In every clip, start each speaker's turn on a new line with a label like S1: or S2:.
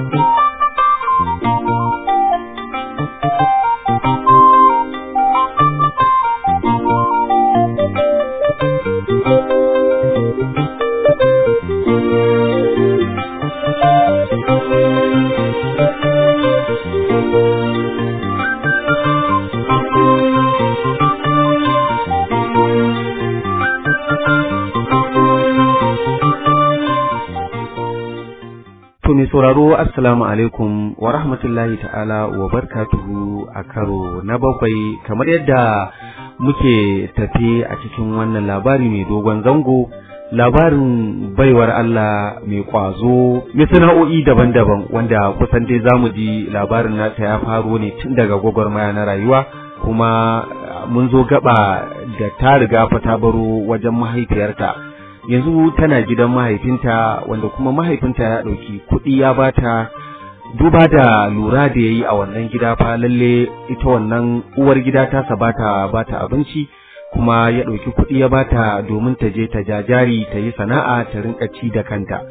S1: Thank you.
S2: alaikum wa rahmatullahi ta'ala wa barkatuhu a karo na bakwai kamar yadda muke tafi a cikin wannan labari mai dogon zango labarin baiwar Allah mai kwazo mai sana'o'i daban-daban wanda kusan dai zamu ji labarin nata ya faro ne tun daga gwagwarmaya na rayuwa kuma mun zo gaba da ta riga fata baro wajen mahaifiyarta yanzu tana gidan mahaifinta wanda kuma mahaifinta ya ɗauki kuɗi ya bata duba da lura da ya yi a wannan gida fa lalle ita wannan uwar gida tasa bata bata abinci kuma ya ɗauki kuɗi ya bata domin ta je ta jajari ta yi sana'a ta rinka ci da kanta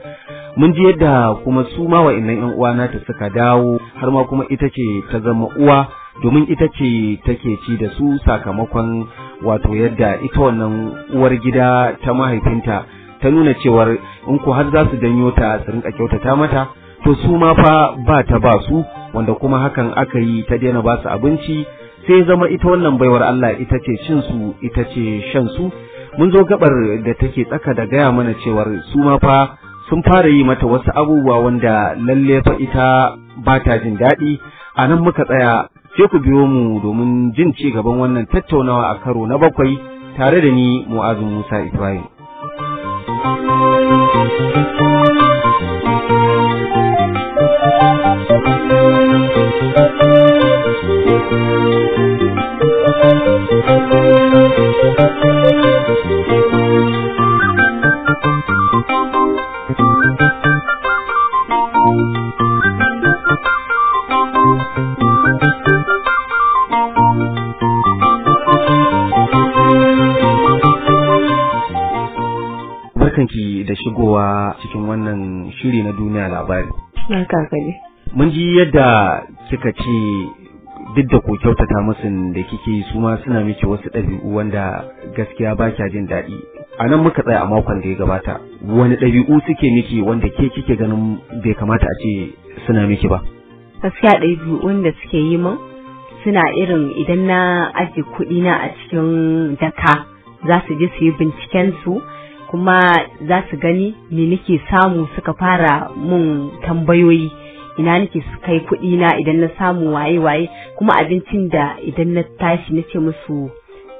S2: mun ji yadda kuma su ma wa'annan yan uwa nata suka dawo har ma kuma ita ce ta zama uwa domin ita ce take ci da su sakamakon wato yadda ita wannan uwar gida ta mahaifinta ta nuna cewar in ku har za su janyo ta su rinka kyautata mata to su ma fa ba ta ba su wanda kuma hakan aka yi ta daina ba su abinci sai zama ita wannan baiwar Allah ita ce cin su ita ce shan su mun zo gabar da take tsaka da gaya mana cewar su ma fa sun fara yi mata wasu abubuwa wanda lalle fa ita ba ta jin daɗi a nan muka tsaya ke ku biyo mu domin jin ci gaban wannan tattaunawa a karo na bakwai tare da ni mu'azu musa ibrahim barkanki da shigowa cikin wannan shiri na duniya labari. Barka Mun ji yadda kika ce duk da ku kyautata musu da kike yi su ma suna miki wasu ɗabi'u wanda gaskiya ba kya jin daɗi a nan muka tsaya a makon da ya gabata wani ɗabi'u suke miki wanda ke kike ganin bai kamata a ce suna miki ba
S3: gaskiya ɗabi'un da suke yi min suna irin idan na ajiye kuɗi na a cikin jaka za su je su yi binciken su kuma za su gani me nake samu suka fara mun tambayoyi ina nake su kai kuɗi na idan na samu waye waye kuma abincin da idan na tashi na ce musu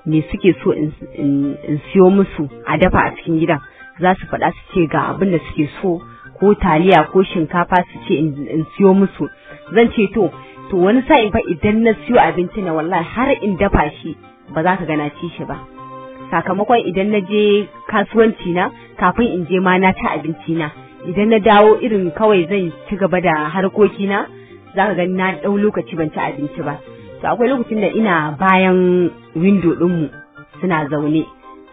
S3: me suke so in siyo musu a dafa a cikin gidan za su faɗa su ce ga abin da suke so ko taliya ko shinkafa su ce in siyo musu zan ce to to wani sa'in fa idan na siyo abinci na wallahi har in dafa shi ba za ka gana ci shi ba sakamakon idan na je kasuwanci na kafin in je ma na ci abinci na idan na dawo irin kawai zan ci gaba da harkokina za ka gani na ɗau lokaci ban ci abinci ba to akwai lokacin da ina bayan windo ɗinmu suna zaune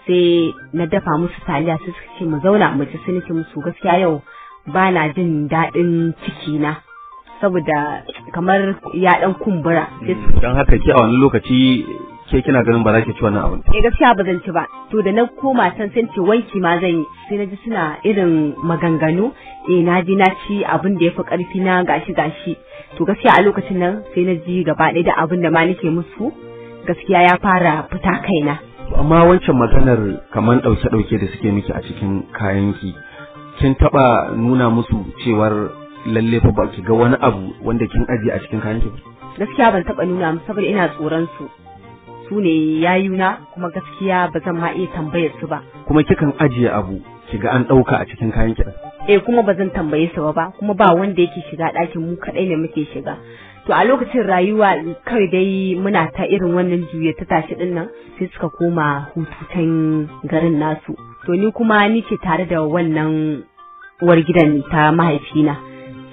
S3: sai na dafa musu taliya su ce mu zauna mu ci sun musu gaskiya yau ba na jin daɗin cikina saboda kamar ya ɗan kumbura. Mm,
S2: don haka ke a wani lokaci ke kina ganin ba za ki ci wannan abin
S3: eh gaskiya ba zan ci ba to da na koma san sai ce wanki ma zan yi sai na ji suna irin maganganu eh na ji na ci abin da ya fi karfi na gashi gashi to gaskiya a lokacin nan sai na ji gaba ɗaya da abin da ma nake musu gaskiya ya fara fita kaina
S2: amma wancan maganar kamar ɗauke ɗauke da suke miki a cikin kayanki kin taɓa nuna musu cewar lalle fa ba ki ga wani abu wanda kin ajiye a cikin kayanki
S3: gaskiya ban taɓa nuna musu saboda ina tsoron su su ne yayuna kuma gaskiya ba zan ma iya tambayar su ba
S2: kuma kikan ajiye abu kiga an ɗauka a cikin kayan kiɗan
S3: eh kuma ba zan tambaye su ba kuma ba wanda yake shiga ɗakin mu kaɗai ne muke shiga to a lokacin rayuwa kawai dai muna ta irin wannan juya ta tashi ɗin nan sai suka koma hututan garin nasu to ni kuma ni ce tare da wannan uwar gidan ta mahaifina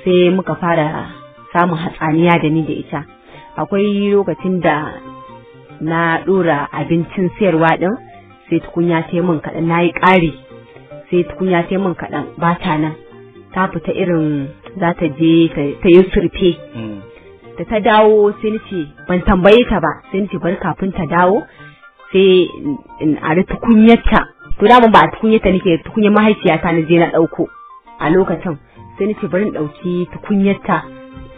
S3: sai muka fara samun hatsaniya da ni da ita akwai lokacin da na ɗora abincin sayarwa ɗin sai tukunya ta yi min kaɗan na yi ƙari sai tukunya ta yi min kaɗan ba ta nan ta fita irin za ta je ta yi surfe hmm. da ta dawo sai ce ban tambaye ta ba sai ce bar kafin ta dawo sai in ari tukunyarta to da ba a tukunyarta nake tukunyar mahaifiyata na je na ɗauko a lokacin sai ce bari in ɗauki tukunyarta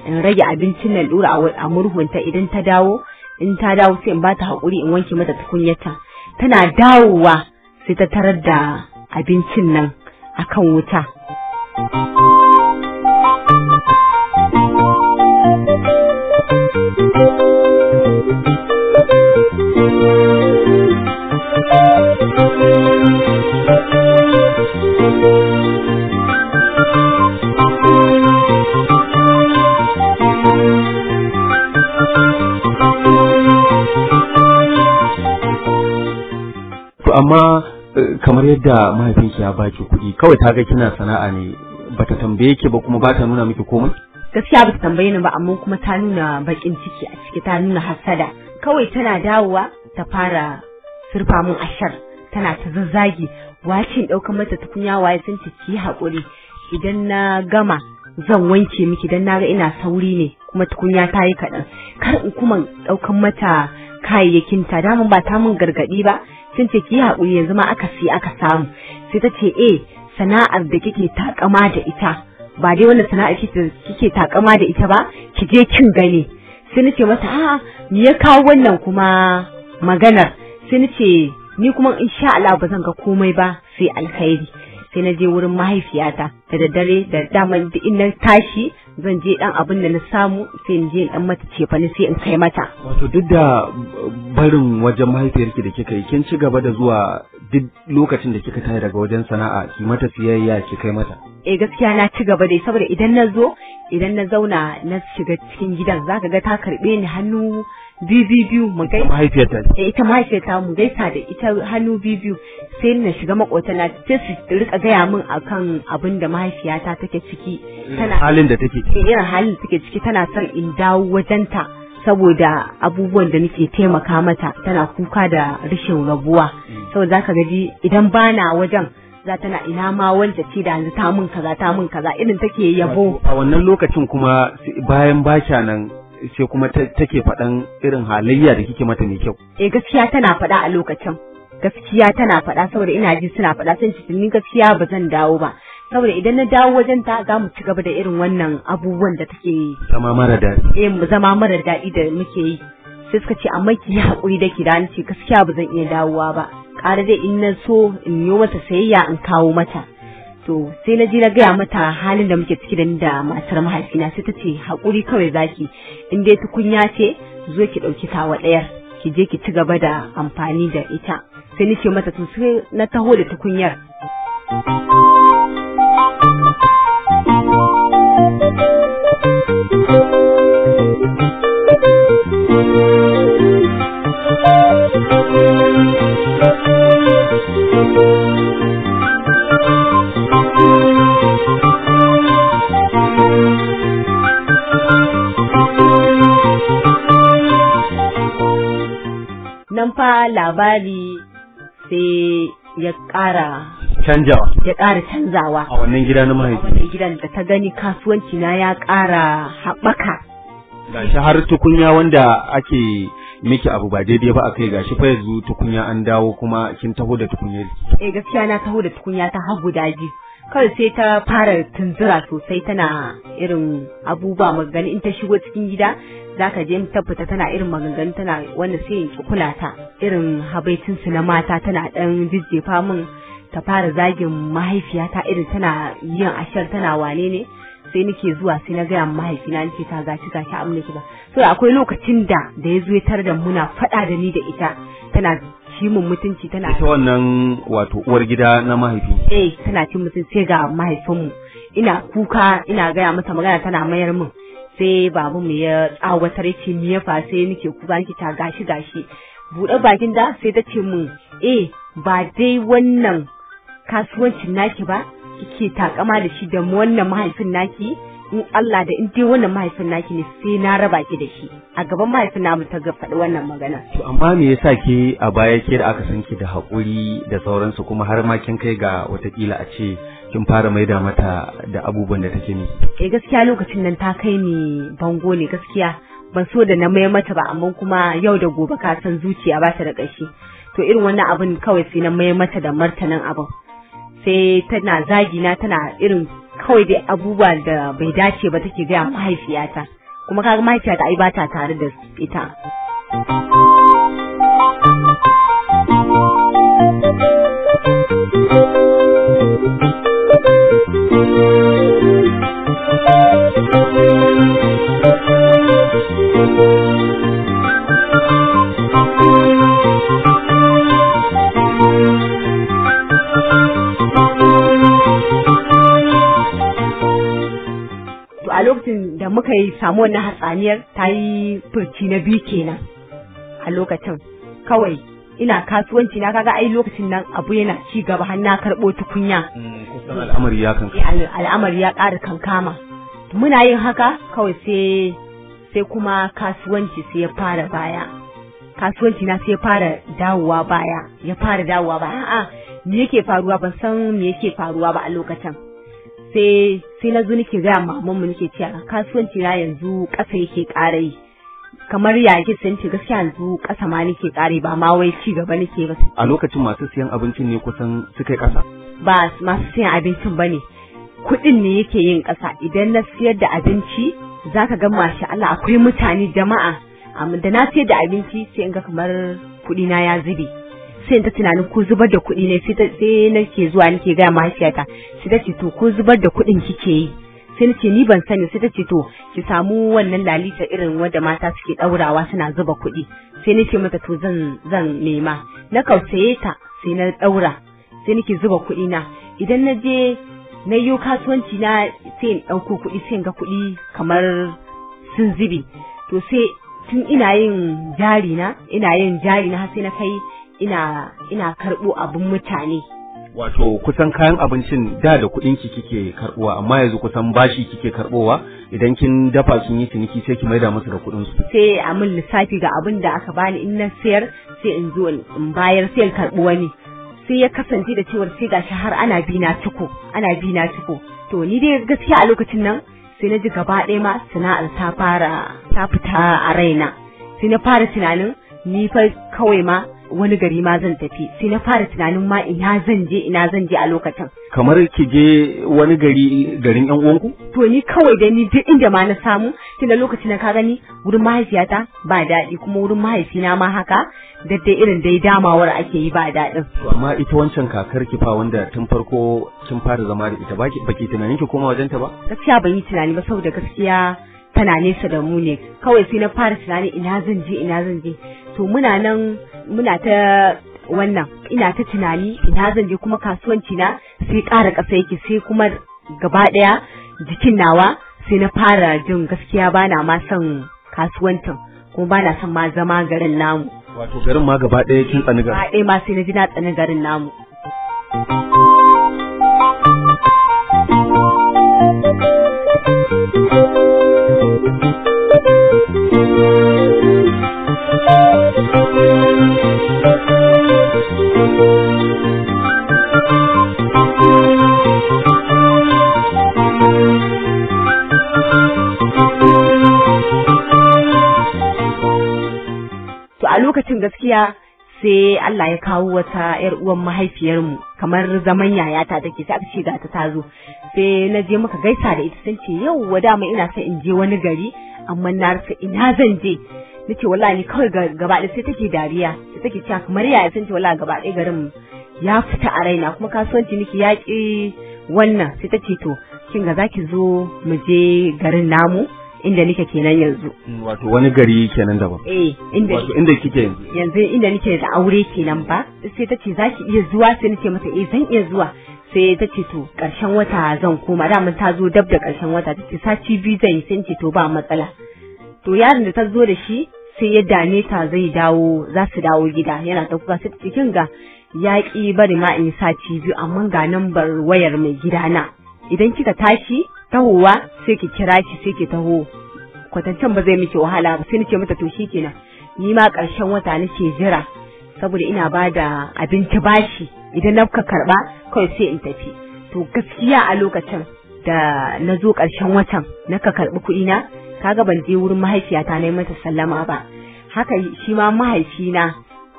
S3: in rage abincin nan ɗora a murhunta idan ta dawo in ta dawo sai in ba ta haƙuri in wanke mata tukunyarta tana dawowa sai ta tarar da abincin nan akan wuta.
S2: amma eh, kamar yadda mahaifinki ya baki kuɗi kawai ta ga kina sana'a ne bata tambaye ki ba kuma ba ta nuna miki komai
S3: gaskiya ba ta tambaye ni ba amma kuma ta nuna bakin ciki a ciki ta nuna hasada kawai tana dawowa ta fara surfa mun ashar tana ta zazzagi wakin ɗaukar mata tukunya waye sun ci ki haƙuri idan na gama zan wanke miki dan na ga ina sauri ne kuma tukunya ta yi kaɗan kar in kuma ɗaukan mata kayayyakin ta damun ba ta mun gargadi ba sun ce ki haƙuri yanzu ma aka siya aka samu sai ta ce eh sana'ar da kike takama da ita ba dai wannan sana'ar kike takama da ita ba ki je kin gani sai ce mata a me ya kawo wannan kuma maganar sai ce ni kuma insha Allah ba zan ga komai ba sai alkhairi sai na je wurin mahaifiyata da daddare da daman in na tashi zan je dan abin da na samu sai in je in dan mata cefa ni sai in kai mata
S2: wato duk da barin wajen mahaifiyarki da kika yi kin ci gaba da zuwa duk lokacin da kika tayi daga wajen sana'a ki mata siyayya ki kai mata
S3: eh gaskiya na ci gaba dai saboda idan na zo idan na zauna na shiga cikin gidan zaka ga ta karbe ni hannu biyu mu kai mahaifiyarta eh, ita mahaifiyarta mu gaisa da ita hannu biyu sai na shiga makotana ce su rika gaya min akan abin da mahaifiyata take ciki mm, tana
S2: halin da take ciki eh,
S3: irin halin da take ciki tana son in dawo wajenta saboda abubuwan da nake taimaka mata tana kuka da rashin rabuwa mm. saboda zaka gaji idan bana wajen za tana ina ma wanda ce da yanzu ta mun kaza ta mun kaza irin take yabo
S2: a wannan lokacin kuma bayan baca nan sai kuma take faɗan irin halayya da kike mata mai kyau.
S3: Eh gaskiya tana faɗa a lokacin. Gaskiya tana faɗa saboda ina ji suna faɗa sai shi ni gaskiya ba zan dawo ba. Saboda idan na dawo wajen ta za mu ci gaba da irin wannan abubuwan da take yi.
S2: Zama mara daɗi.
S3: Eh zama mara daɗi da muke yi. Sai suka ce amma ki yi haƙuri da ki da ni ce gaskiya ba zan iya dawowa ba. Ƙara dai in na so in yi mata sayayya in kawo mata. to sai na je na gaya mata halin da muke ciki da ni da matar mahaifina sai ta ce haƙuri kawai zaki in dai tukunya ce zo ki ɗauki tawa ɗayar ki je ki ci gaba da amfani da ita sai nake mata to sai na taho da tukunyar. fa labari sai ya ƙara canjawa ya ƙara canzawa a
S2: wannan gida na mahaifi wannan
S3: gidan da ta gani kasuwanci na ya ƙara haɓaka
S2: gashi har tukunya wanda ake miki abu ba daidai ba a akai gashi fa yanzu tukunya an dawo kuma kin taho da tukunya
S3: eh gaskiya na taho da tukunya ta har guda biyu kawai sai ta fara tunzura sosai tana irin abubuwa magani in ta shigo cikin gida za ka je tabbata tana irin maganganu tana wanda sai in kula ta irin habaitin su na mata tana dan jijjefa min ta fara zagin mahaifiyata irin tana yin ashar tana wane ne sai nake zuwa sai na gaya mahaifina nake ta gaci gaci amma nake ba so akwai lokacin da da ya zo tar da muna faɗa da ni da ita tana mun mutunci tana ita
S2: wannan wato uwar gida na mahaifi
S3: eh tana cin mutunci sai ga mahaifinmu ina kuka ina gaya masa magana tana mayar min sai babu mu ya tsawatar ce mu ya fa sai nake kuka nake ta gashi gashi buɗe bakin da sai ta ce mu eh ba dai wannan kasuwancin naki ba kike takama da shi da wannan mahaifin naki in Allah da in dai wannan mahaifin naki ne sai na raba ki da shi a gaban mahaifin namu ta faɗi wannan magana
S2: to amma me yasa ke a baya ke da aka san ki da haƙuri da sauransu kuma har ma kin kai ga watakila a ce kin fara maida mata da abubuwan da take ni
S3: eh gaskiya lokacin nan ta kai ni bango ne gaskiya ban so da na mai mata ba amma kuma yau da gobe ka san zuciya ba ta da ƙashi to irin wannan abin kawai sai na mai mata da martanin abin sai tana zagi na tana irin kawai dai abubuwa da bai dace ba take gaya mahaifiyata kuma kaga mahaifiyata ai ba ta tare da ita muka yi samu wannan hatsaniyar ta yi furci na biyu kenan a lokacin kawai ina kasuwanci na kaga ai lokacin nan abu yana ci gaba har na karɓo tukunya
S2: mm, al'amari ya
S3: kankama ƙara kankama muna yin haka kawai sai sai kuma kasuwanci sai ya fara baya kasuwanci na sai ya fara dawowa baya ya fara dawowa baya a'a me yake faruwa ban san me yake faruwa ba a lokacin sai sai na zo nake gaya maman mu nake cewa kasuwanci na yanzu ƙasa yake ƙarai kamar ya ke ce gaskiya yanzu ƙasa ma nake ƙare ba ma wai ci gaba nake ba a
S2: lokacin masu siyan abincin ne kusan suka ƙasa
S3: ba masu siyan abincin bane kuɗin ne yake yin ƙasa idan na siyar da abinci zaka ga masha Allah akwai mutane jama'a da na siyar da abinci sai in ga kamar kuɗi na ya zube sai ta tunanin ko zubar da kuɗi ne sai sai nake zuwa nake ga mahaifiyata sai ta ce to ko zubar da kuɗin kike yi sai nace ni ban sani sai ta ce to ki samu wannan lalita irin wanda mata suke daurawa suna zuba kuɗi sai nace mata to zan zan nema na kausaye ta sai na daura sai nake zuba kuɗi na idan na je na yi kasuwanci na sai in ɗauko kuɗi sai in ga kuɗi kamar sun zubi to sai tun ina yin jari na ina yin jari na sai na kai ina ina karɓo abin mutane
S2: wato kusan kayan abincin da da kuɗin ki kike karɓowa amma yanzu kusan bashi kike karɓowa idan kin dafa sun yi ciniki sai ki maida musu da kuɗin su
S3: sai a min lissafi ga abin da aka bani in na sayar sai in zo in bayar sai in karɓi wani sai ya kasance da cewar sai gashi har ana bi na ciko ana bi na ciko to ni dai gaskiya a lokacin nan sai na ji gaba ɗaya ma sana'ar ta fara ta fita a raina sai na fara tunanin ni fa kawai ma wani gari ma zan tafi sai na fara tunanin ma ina zan je ina zan je a lokacin
S2: kamar ki je wani gari garin yan uwanku
S3: to ni kawai da ni duk inda ma na samu na lokacin na ka gani wurin mahaifiyata ba daɗi kuma wurin mahaifina ma haka da dai irin dai damawar ake yi ba daɗin
S2: amma ita wancan kakar ki fa wanda tun farko kin fara zama da ita baki baki tunanin ki koma wajenta ba
S3: gaskiya ban yi tunani ba saboda gaskiya tana nesa da mu ne kawai sai na fara tunani ina zan je ina zan je to muna nan muna ta wannan ina ta tunani ina zan je kuma kasuwanci na sai ƙara ƙasa yake sai kuma gaba ɗaya jikin nawa sai na fara jin gaskiya ba na ma son kasuwancin kuma na son ma zama garin namu
S2: wato garin ma gaba ɗaya kin tsani garin Ba
S3: ɗaya ma sai na ji na tsani garin namu lokacin gaskiya sai Allah ya kawo wata yar uwan mahaifiyarmu kamar zaman yayata take sai ce ga ta tazo sai na je muka gaisa da ita sun ce yau wa dama ina son in je wani gari amma na rasa ina zan je nace wallahi ni kawai gaba ɗaya sai take dariya sai take cewa kamar yaya sun ce wallahi gaba ɗaya garin ya fita a raina kuma kasuwanci niki ya wannan sai ta ce to kin ga zaki zo mu je garin namu inda nike kenan yanzu
S2: mm, wato wani gari kenan daban
S3: eh inda wato inda kike yanzu yanzu inda nike da aure kenan ba sai tace zaki iya zuwa sai nace mata eh zan iya zuwa sai ta ce to karshen wata zan koma da mun ta zo dab da karshen wata ta ce sati biyu zan sai ce to ba matsala to yaron da ta zo da shi sai ya neta ta zai dawo za su dawo gida yana ta kuka sai ta cikin ga ya ƙi bari ma in sati biyu amma ga bar wayar mai gidana idan kika tashi tahowa sai ki kira shi sai ki taho kwatancan ba zai miki wahala ba sai nake mata to kenan ni ma karshen wata nake jira saboda ina ba da abinci bashi idan na ka karba kawai sai in tafi to gaskiya a lokacin da na zo karshen watan na ka karbi kuɗi na kaga ban je wurin mahaifiyata na mata sallama ba haka shi ma mahaifina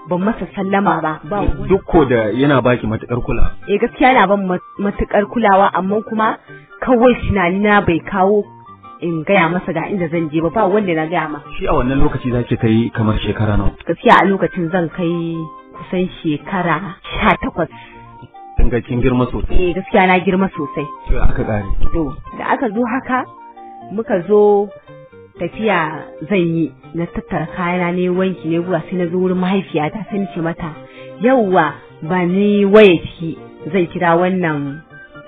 S3: ban masa sallama ba duk ko
S2: da yana baki matukar kulawa
S3: eh gaskiya yana ban matukar kulawa amma kuma kawai shinani na bai kawo in gaya masa ga inda zan je ba ba wanda na gaya masa
S2: shi a wannan lokaci zaki kai kamar shekara nawa
S3: gaskiya a lokacin zan kai kusan shekara sha takwas
S2: Dangakin kin girma sosai
S3: eh gaskiya na girma sosai
S2: to aka ƙare.
S3: to da aka zo haka muka zo tafiya zan yi na tattara kayana ne wanki ne gura sai na zo wurin mahaifiyata sai ce mata yauwa ba ni waya ciki zan kira wannan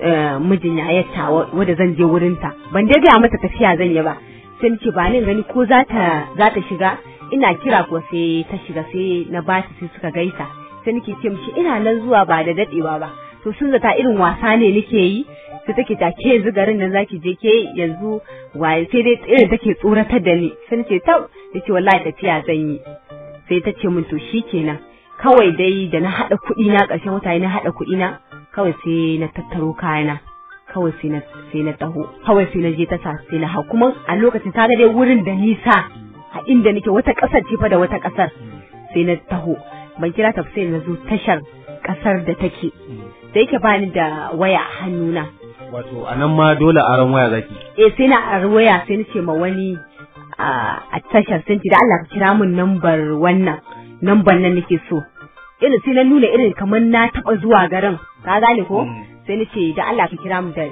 S3: eh, mijin yayatta wadda zan je wurin ta ban dai ga mata tafiya zan yi ba sai ce ba ni gani ko za ta za ta shiga ina kira ko sai ta shiga sai na ba ta sai suka gaisa sai nake ce mishi ina nan zuwa ba da dadewa ba to sun zata irin wasa ne nake yi sai take ta ke yanzu garin nan zaki je ke yanzu waye sai dai tsira take tsoratar da ni sai nace ta yace wallahi tafiya zan yi sai ta ce min to shikenan kawai dai da na hada kuɗi na ƙarshen wata na hada kuɗi na kawai sai na tattaro kayana kawai sai na sai na taho kawai sai na je ta sai na hau kuma a lokacin ta dai wurin da nisa a inda nake wata ƙasar ce fa da wata ƙasar sai na taho ban kira ta sai na zo tashar ƙasar da take da yake bani da waya a hannuna
S2: wato a nan ma dole aron waya zaki
S3: eh sai na aron waya sai ce ma wani a tashar sun da Allah ka kira mun nambar wannan nambar nan nake so irin sai na nuna irin kamar na taba zuwa garin ka gane ko mm. sai nace da Allah ka kira mun da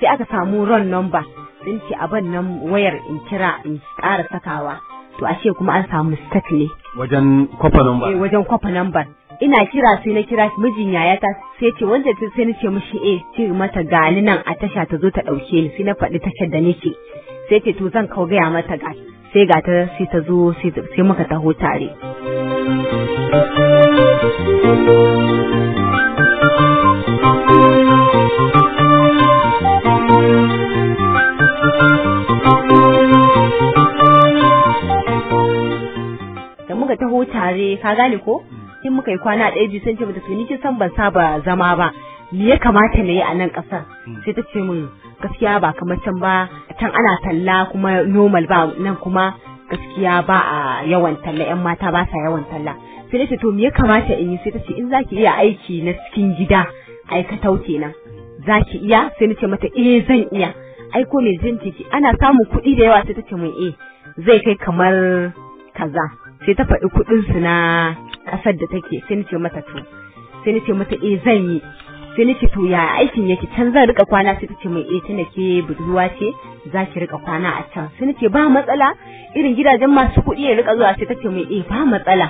S3: sai aka samu ran number sai ce a ban nan wayar in kira in ƙara sakawa to ashe kuma an samu mistake ne wajen kwafa number eh wajen kwafa number ina kira sai na kira mijin yayata sai ce wanda sai na ce mishi eh ce mata gani nan a tasha ta zo ta dauke ni sai na faɗi tashar da nake sai ce to zan kawo gaya mata ga sai ga ta sai ta zo sai muka taho tare. Da muka taho tare ka gane ko? in muka yi kwana ɗaya biyu sai ce mata to ni kin san ban saba zama ba me ya kamata na yi a nan ƙasar hmm. sai ta ce min gaskiya ba kamar can ba can ana talla kuma normal ba nan kuma gaskiya ba a yawan talla yan mata ba sa yawan talla sai ce to me ya kamata in yi sai ta ce in zaki iya aiki na cikin gida aikatau kenan zaki iya sai na ce mata eh zan iya ai ko me zan ciki ana samun kuɗi da yawa sai ta ce min eh zai kai kamar kaza sai ta faɗi kuɗin su na ƙasar da take sai nace mata to sai nace mata eh zan yi sai nace to ya aikin yake can zan rika kwana sai tace mai eh tana ke budurwa ce za ki rika kwana a can sai nace ba matsala irin gidajen masu kuɗi ya rika zuwa sai tace mai eh ba matsala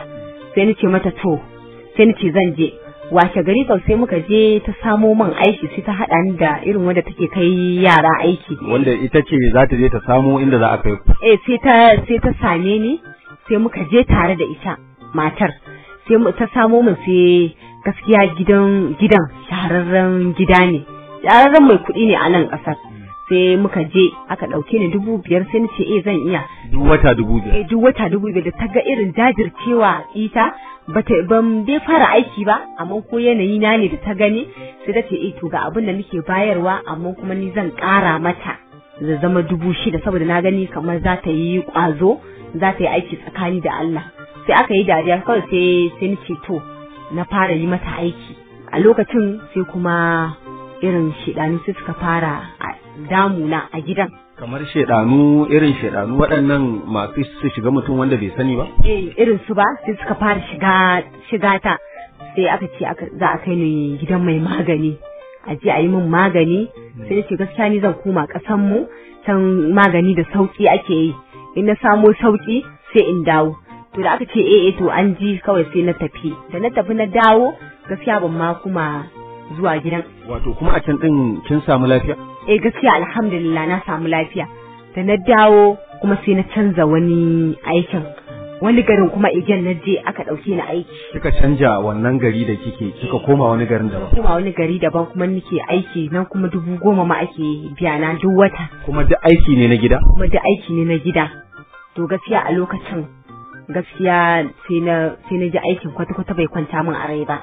S3: sai nace mata to sai nace zan je washe gari kau sai muka je ta samo man aiki sai ta haɗa ni da irin wanda take kai yara aiki
S2: wanda ita ce za ta je ta samo inda za a kai
S3: eh sai ta sai ta same ni sai muka je tare da ita matar sai ta samo mu sai gaskiya gidan gidan shahararren gida ne shahararren mai kuɗi ne a nan ƙasar sai muka je aka ɗauke ni dubu biyar sai ni ce eh zan iya
S2: duk wata dubu biyar eh
S3: duk wata dubu biyar da ta ga irin jajircewa ita bata ban bai fara aiki ba amma ko yanayi na ne da ta gani sai ta ce eh to ga abin da nake bayarwa amma kuma ni zan ƙara mata da zama dubu shida saboda na gani kamar za ta yi ƙwazo za ta yi aiki tsakani da Allah sai aka yi dariya kawai sai sai nace to na fara yi mata aiki a lokacin sai kuma irin shedanu sai suka fara damuna a gidan
S2: kamar shedanu irin shedanu waɗannan masu su shiga mutum wanda bai sani ba
S3: eh irin su ba sai suka fara shiga shiga ta sai aka ce za a kai ni gidan mai magani a je a yi min magani sai ce gaskiya ni zan koma ƙasan mu can magani da sauƙi ake yi in na samo sauki sai in dawo to da aka ce eh, eh to an ji kawai sai na tafi da na tafi na dawo gaskiya ban ma kuma zuwa gidan
S2: wato kuma a can din kin samu lafiya
S3: eh gaskiya alhamdulillah na samu lafiya da na dawo kuma sai na canza wani aikin wani garin kuma igiyar na je aka ɗauke ni aiki.
S2: Kika canja wannan gari da kike kika eh. koma wani garin daban. Koma
S3: wani gari daban kuma nake aiki nan kuma dubu goma ma ake biya na duk wata.
S2: Kuma duk aiki ne na gida?
S3: Kuma duk aiki ne na gida. to gaskiya a lokacin gaskiya sai na ji aikin kwata-kwata bai kwanta min a rai ba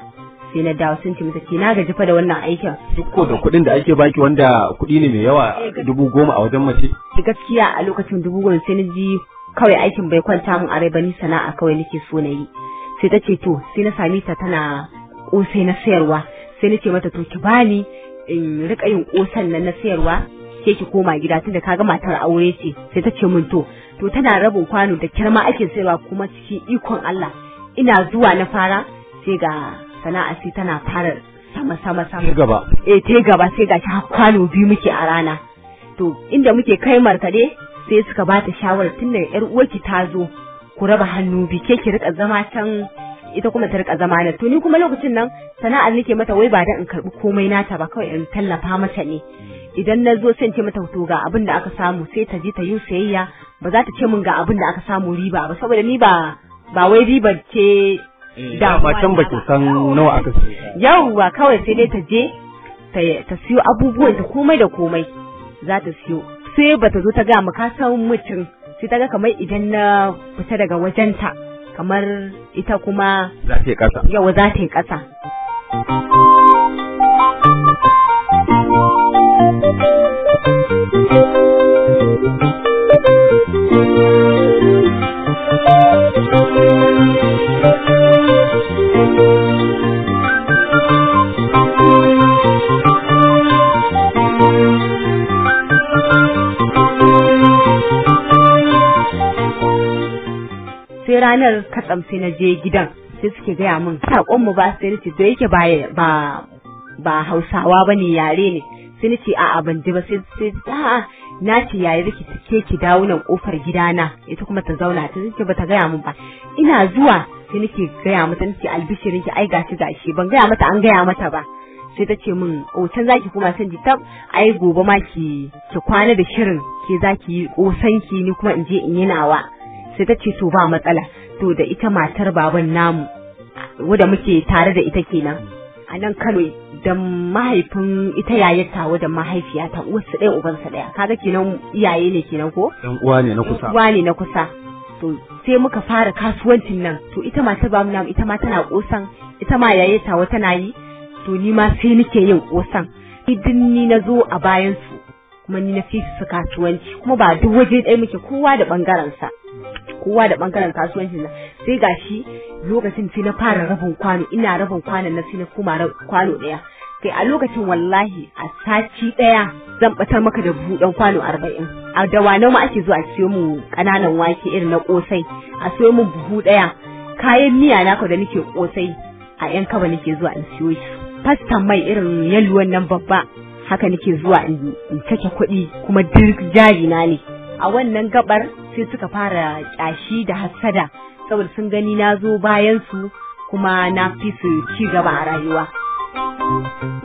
S3: sai na dawo sun ce mata ce na gaji fa da wannan aikin duk ko da kuɗin da ake
S2: baki wanda kuɗi ne mai yawa eh, dubu goma a wajen mace eh,
S3: gaskiya a lokacin dubu goma sai na ji kawai aikin bai kwanta min a rai ba ni sana'a kawai nake so na yi sai ta ce to sai na same ta tana ƙosai na sayarwa sai na ce mata to ki bani in rika yin kosan nan na sayarwa sai ki koma gida tunda kaga matar aure ce sai ta ce mun to to tana rabin kwano da kirma ake sayarwa kuma ciki ikon Allah ina zuwa na fara sai ga sana'a sai tana fara sama sama sama gaba eh te gaba sai ga kwano biyu muke a rana to inda muke kai markade sai suka ba ta shawara tunda yar uwarki ta zo ku raba hannu bi ke ki rika zama can ita kuma ta rika zama nan to ni kuma lokacin nan sana'ar nake mata wai ba da in karbi komai nata ba kawai in tallafa mata ne idan na zo sai in ce mata to ga abin da aka samu sai ta je ta yi sayayya ba za ta ce min ga abin da aka samu riba ba saboda ni ba ba wai riba ce eh, da ba can ba
S2: ke san nawa aka
S3: siya ba kawai sai dai ta je ta siyo abubuwan ta komai da komai za ta siyo sai ba ta zo ta ga mu ka san mutum sai ta ga kamar idan na fita daga wajenta kamar ita kuma za ta yi ƙasa Yau za ta yi ƙasa sai ranar katsam sai na je gidan sai suke gaya min saƙon mu ba sai ce to yake ba ba Hausawa ne yare ne sai ce a'a ban ji ba sai sai a na ce yaya zaki ke ki dawo nan kofar gidana ita kuma ta zauna ta ce ta gaya min ba ina zuwa sai nake gaya mata nake albishirin ki ai gashi gashi ban gaya mata an gaya mata ba sai ta ce min o can zaki kuma san ji tab ai gobe ma ki ki kwana da shirin ke zaki yi kosan ki ni kuma in je in yi nawa sai ta ce to ba matsala to da ita matar baban namu wanda muke tare da ita kenan a nan Kano da mahaifin ita yayar ta da mahaifiya ta wasu ɗaya ubansa ɗaya kaga kinan iyaye ne kenan ko
S2: ɗan uwa ne na kusa uwa
S3: ne na kusa to sai muka fara kasuwancin nan to ita ma ta bamu namu ita ma tana kosan ita ma yayar wata tana yi to ni ma sai nake yin kosan idan ni na zo a bayan su kuma ni na fi su kasuwanci kuma ba duk waje ɗaya muke kowa da ɓangaren sa kowa da ɓangaren kasuwancin nan sai gashi lokacin sai na fara rabin kwano ina rabin kwanon na sai na koma kwano ɗaya kai a lokacin wallahi a sati ɗaya zan batar maka da buhu buɗan kwano arba'in a dawanau ma ake zuwa a siyo mu ƙananan wake irin na ƙosai a siyo mu buhu ɗaya kayan miya na naka da nake ƙosai a yan kaba nake zuwa in siyo shi fastan mai irin yaluwan nan babba haka nake zuwa in cake kuɗi kuma duk jari na ne a wannan gabar sai suka fara ƙyashi da hassada saboda sun gani na zo bayan su kuma na fi su ci gaba a rayuwa. Thank you.